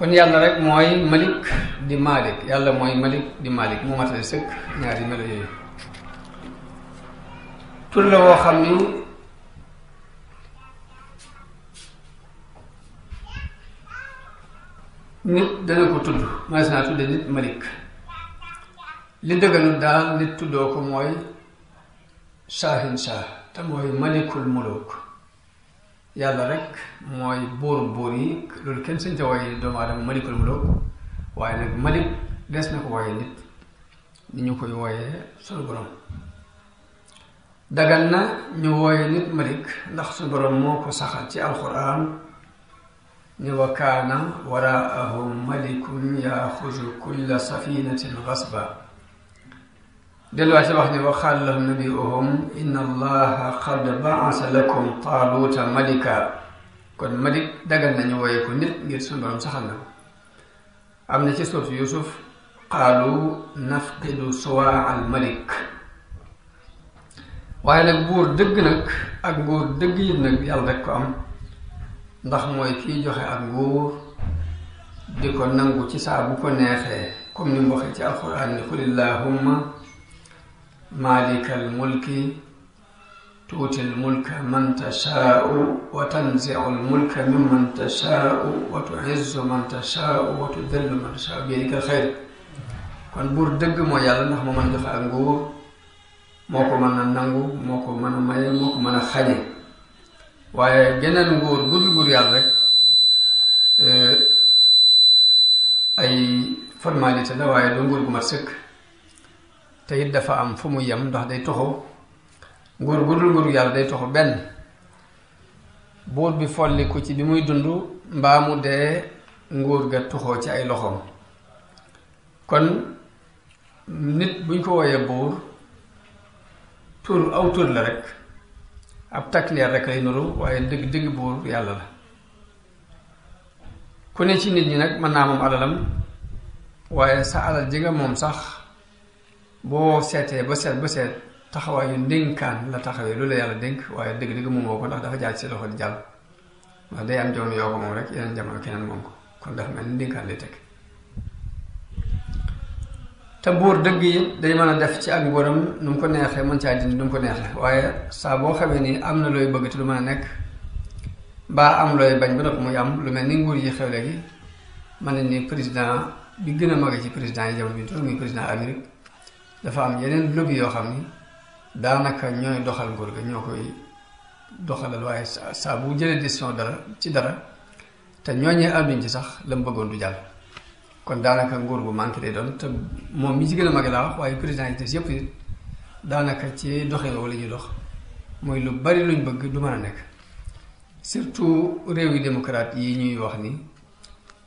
kon yàlla rek mooy malik di malik yàlla mooy malik di malik mu matale sëkk ñaari melo yooyu tur la woo xam ni nit dana ko tudd manes naa tudde nit malik li dëgganut daal nit tuddoo ko mooy saahin saah te mooy malikul muluk يالرك موي بوربوريك لول كان سنت واي دوما دام ملك الملوك واي نك ملك ديس نك واي نيت ني نكوي واي سول بروم دغالنا ني واي نيت ملك ناخ سول بروم موكو ساخال سي القران ني وكانا وراءهم ملك ياخذ كل سفينه غصبا دلوا سبحانه وقال لهم نبيهم إن الله قد بعث لكم طالوت ملكا كن ملك دقل من يويكو نت نت سنبهم سخنا أمنا تسوف يوسف قالوا نفقد سواع الملك وهي لك بور دقنك أقور دقينك يالدك أم ndax mooy kii joxe ak nguur di ko nangu ci saa bu ko neexee comme ni mu waxee ci مالك الملك توت الملك من تشاء وتنزع الملك ممن تشاء وتعز من تشاء وتذل من تشاء بيدك الخير كون بور دغ مو يالا نخ مو من جوخ انغور موكو من نانغو موكو من ماي موكو من خاني واي جنن غور بور بور يالا رك اي فرماليتي دا واي دونغور مرسك te it dafa am fu mu yem ndox day toxo nguur gu nguur yàlla day toxo benn buur bi folliku ci bi muy dund mbaa mu dee nguur ga toxoo ci ay loxoom kon nit buñ ko woyee buur tur aw tur la rek ab taklier rek ay nuru waaye dëgg dëgg buur yàlla la ku ne ci nit ñi nag mën naa alalam waaye sa alal ji moom sax boo seetee ba seet ba seet taxawaayu ndénkaan la taxawee loolu la yàlla dénk waaye dëgg-dëgg moom moo ko ndax dafa jaar ci loxo di jàll ndax day am jamono yoo ko moom rek yeneen jamono keneen moom ko kon dafa mel ni ndénkaan lay teg te buur dëgg yi day mën a def ci ak ngoram nu mu ko neexee mën caa dindi nu mu ko neexee waaye saa boo xamee ni am na looy bëgg te lu mën a nekk baa am looy bañ ba noppi muy am lu mel ni nguur yi xew léegi mën nañ ni président bi gën a mag ci président yi jamono président Amérique dafa am yeneen lobby yoo xam ni daanaka ñooy doxal nguur ga ñoo koy doxalal waaye saa bu jëlee décision dara ci dara te ñooñee ànduñ ci sax la mu bëggoon du jàll kon daanaka nguur gu manqué lay doon te moom mi ci gën a mag laa wax waaye président yi des daanaka ci doxin wala ñuy dox mooy lu bari luñ bëgg du mën a nekk surtout réew yi démocrate yi ñuy wax ni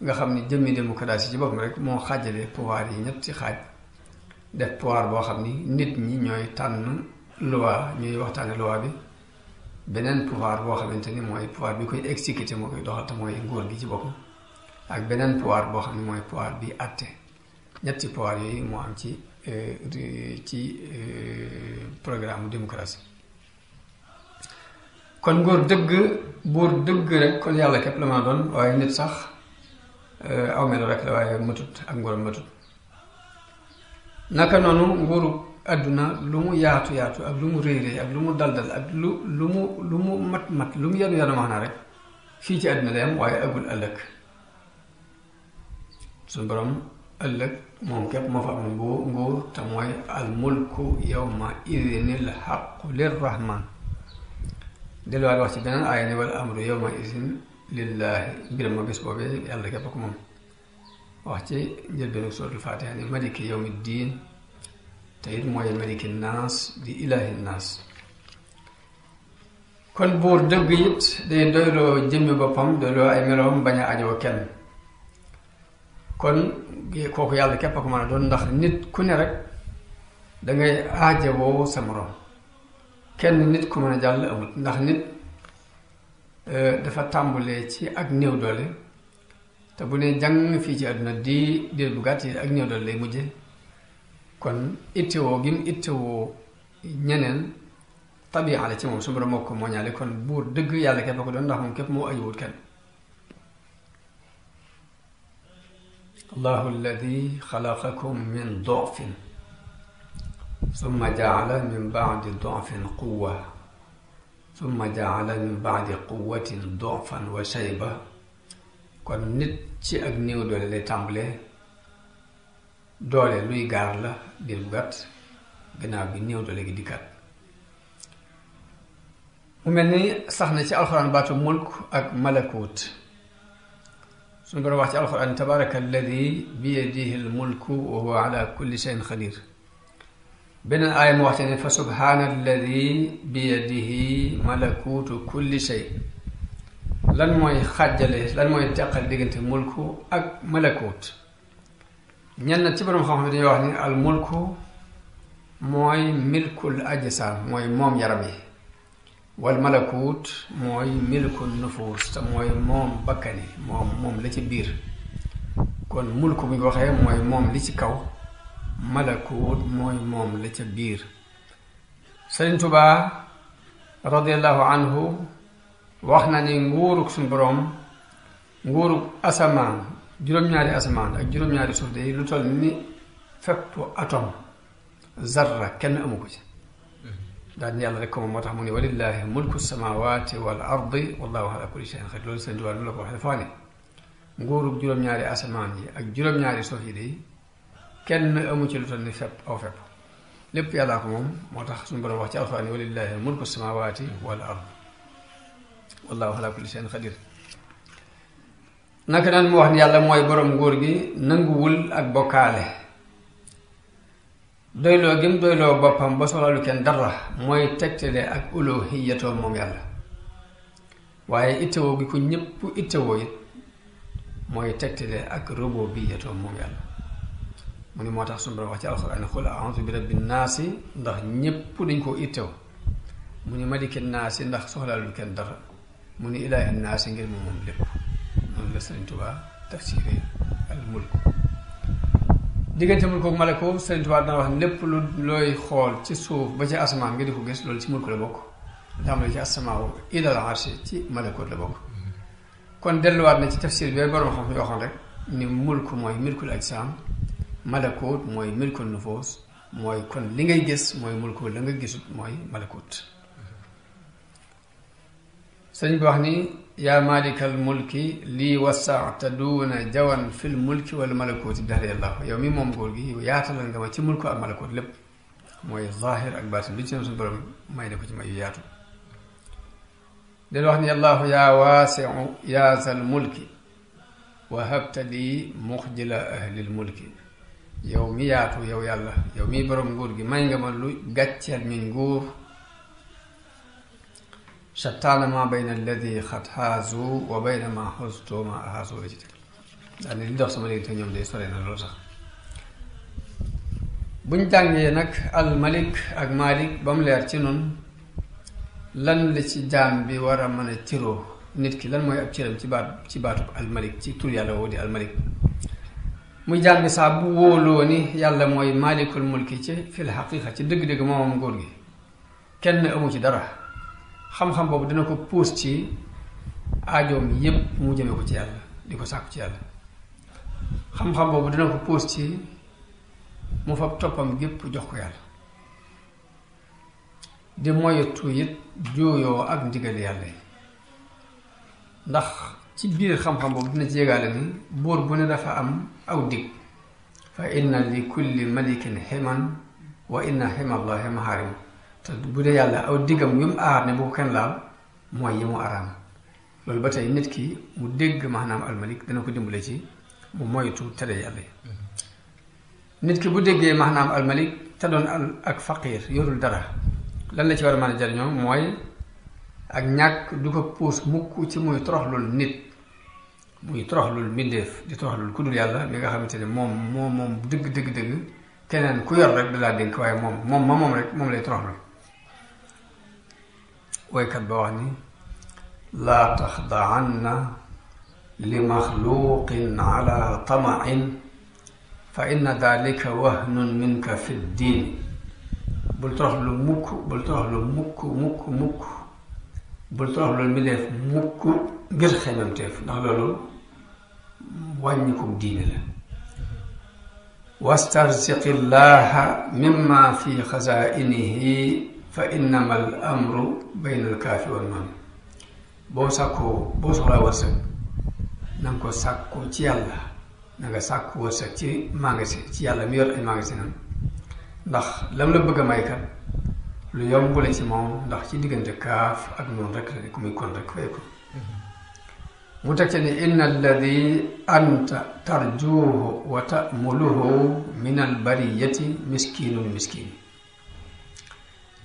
nga xam ni jëmmi démocratie ci boppam rek moo xaajale pouvoir yi ñett ci xaaj def poir boo xam ni nit ñi ñooy tànn loi ñooy waxtaane loi bi beneen pouvoir boo xamante ni mooy pouvoir bi koy exécuter moo koy doxal te mooy nguur gi ci boppam ak beneen poir boo xam ne mooy poir bi àtte ñetti pouvoir yi moo am ci euh, ci euh, programme démocratie kon nguur dëgg buur dëgg rek kon yàlla képp la ma doon waaye nit sax euh, aw melo rek la waaye matut ak nguuram matut naka noonu nguuru adduna lu mu yaatu yaatu ak lu mu réy réy ak lu mu daldal ak lu lu mu lu mu mat mat lu mu yenu yenu max na rek fii ci àdduna lay am waaye agul ëllëg suñu borom ëllëg moom képp moo fa am nguur nguur te mooy al mulku yawma idinil xaqu lirrahman delluwaat wax ci beneen aaya ni wal amru yawma idin lillahi mbir ma bis boobee yàlla képp ko moom wax ci njëlbeenu suratul fatiha ni maliki yawmi diin te it mooy maliki naas di ilaahi naas kon buur dëgg it day doyloo jëmmi boppam doyloo ay meloom bañ a ajoo kenn kon kooku yàlla képp ko mën a doon ndax nit ku ne rek dangay aajowoo sa morom kenn nit ku mën a jàll amut ndax nit euh, dafa tàmbulee ci ak néew doole te bu ne jàng fii ci àdduna di diir bu gàtt yi ak néew doole lay mujje kon ittewoo gi mu ittewoo ñeneen tabi'a la ci moom su borom moo ko kon buur dëgg yàlla képp ko doon ndax moom képp moo ajuwut kenn allahu alladi xalaqakum min dofin summa jaala min baadi dofin quwa summa jaala min baadi quwatin dofan wa shayba kon nit ci ak néew doole lay tàmbalee doole luy gaar la dir bu gàtt gannaaw bi néew doole gi dikkaat mu mel ni sax na ci alxuraan baatu mulk ak malakut suñ ko wax ci alxuraan tabaraka alladi yadihi almulku wa huwa ala kulli shayin xadir beneen aaya mu wax ci ne fa subhaana alladi biyadihi malakutu kulli shay lan mooy xàjjale lan mooy teqal diggante mulku ak malakuut ñenn ci borom xam-xam dañuy wax ni al mulku mooy milkul ajsaam mooy moom yaram yi wal malakuut mooy milkul nufuus te mooy moom bakkan yi moom moom la ci biir kon mulku bu ñu waxee mooy moom li ci kaw malakuut mooy moom la ca biir Sëriñ Tubaa radiallahu anhu wax na ni nguurug suñu boroom nguurug asamaan juróom-ñaari asamaan ak juróom-ñaari suuf day lu toll ni feppu atom zarra kenn amu ko ci daan yàlla rek ko moom moo tax mu ne walillahi mulku samawati wal ardi wallahu ala kulli shay'in qadir loolu seen duwaal mu la ko waxee dafa ne nguurug juróom-ñaari asamaan yi ak juróom-ñaari yi day kenn amu ci lu toll ni fepp aw fepp lépp yàllaa ko moo tax suñu boroom wax ci alxuraan walillahi mulku samawati wal ardi wallahu ala kulli shay'in naka naan mu wax ni yàlla mooy borom nguur gi nanguwul ak bokkaale doyloo gi mu doyloo boppam ba soxla kenn dara mooy tegtale ak uluhiyatoo moom yàlla waaye ittewoo gi ko ñépp ittewoo it mooy tegtale ak rububiyatoo moom yàlla mu ni moo tax suñu borom wax ci alxuraan xul a'udhu bi naasi ndax ñépp dañ koo ittew mu ni maliki naasi ndax soxla kenn dara mu ni ilaay an naasi ngir mu moom lépp noonu la sëriñ tubaa tafsiri al mulk diggante mulk ak malako sëriñ tubaa dana wax lépp lu looy xool ci suuf ba ci asamaan nga di ko gis loolu ci mulk la bokk dama ci asamaawu ilal arshi ci malakut la bokk kon delluwaat na ci tafsir bi borom xam yoo xam rek ni mulk mooy milkul ajsaam malakut mooy milkul nufuus mooy kon li ngay gis mooy mulku la nga gisut mooy malakut sëñ bi wax ni yaa maalikal mulki lii wasaata duuna jawan fil mulki wala malakooti daxri allahu yow mi moom góor gi yow yaatalal nga ma ci mulk ak malakoot lépp mooy zahir ak baatin lu ci ne suñu borom may na ko ci may yaatu del wax ni yaa waasiu yaa zal mulki wa habta lii muxjila ahlil mulki yow mi yaatu yow yàlla yow mi borom nguur gi may nga ma lu gàcceel mi nguur شتان ما بين الذي خط هازو وبين ما هزتو ما هازو وجدت يعني لدو سمالي تنيوم دي سوري نروزا بنتان ينك الملك اغمالك بملير تنون لن لتي جام بي ورا من تيرو نتكي لن مو يأبتيرم تي بات الملك تي تولي على ودي الملك مو جام بي سابو ولوني يالا مو مالك الملكي في الحقيقة تي دق دق مو مقولي كن أمو تي دراه xam-xam boobu dina ko puus ci aajoom yépp mu jëme ko ci yàlla di ko sàkku ci yàlla xam-xam boobu dina ko puus ci mu fab toppam gépp jox ko yàlla di moytu it juuyoo ak ndigal yàlla yi ndax ci biir xam-xam boobu dina ci yëgaale ni buur bu ne dafa am aw dig fa inna li kulli malikin himan wa inna himallahi maharim te bu dee yàlla aw diggam yu mu aar ne bu ko kenn laal mooy yi mu araam loolu ba tey nit ki mu dégg maanaam almalik dana ko dimbale ci mu moytu tere yàlla yi nit ki bu déggee maanaam almalik te doon ak faqiir yorul dara lan la ci war a mën a mooy ak ñàkk du ko puus ci muy toroxlul nit muy toroxlul di toroxlul ku yàlla mi nga xamante ne moom moom dëgg dëgg dëgg keneen ku yor rek dalaa dénk waaye moom moom ma moom rek moom lay toroxlul ويكبرني لا تخضعن لمخلوق على طمع فإن ذلك وهن منك في الدين بلتره لمك بلتره لمك مك مك بلتره للملف مك غير خيمتف نغلو نعم، وانكم دين له واسترزق الله مما في خزائنه fa innamal amru baynal kaafi wal man boo sàkkoo boo soxlaa wërsëg na ko sàkku ci yàlla na nga sàkku wërsëg ci magasin ci yàlla mi yor ay magasinam ndax lam la bëgg a may kat lu yomb la ci moom ndax ci diggante kaaf ak noonu rek la ku muy kon rek fay ko mhm. mu teg ci ne inna alladi anta tarjuuhu wa tamuluhu min albariyati miskinun miskin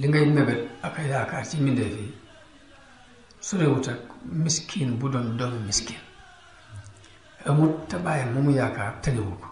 li ngay mébét ak a yaakaar ci mbindeef yi sorewut ak miskin bu doon doomu miskin amut te bàyyi mu mu yaakaar tëniwu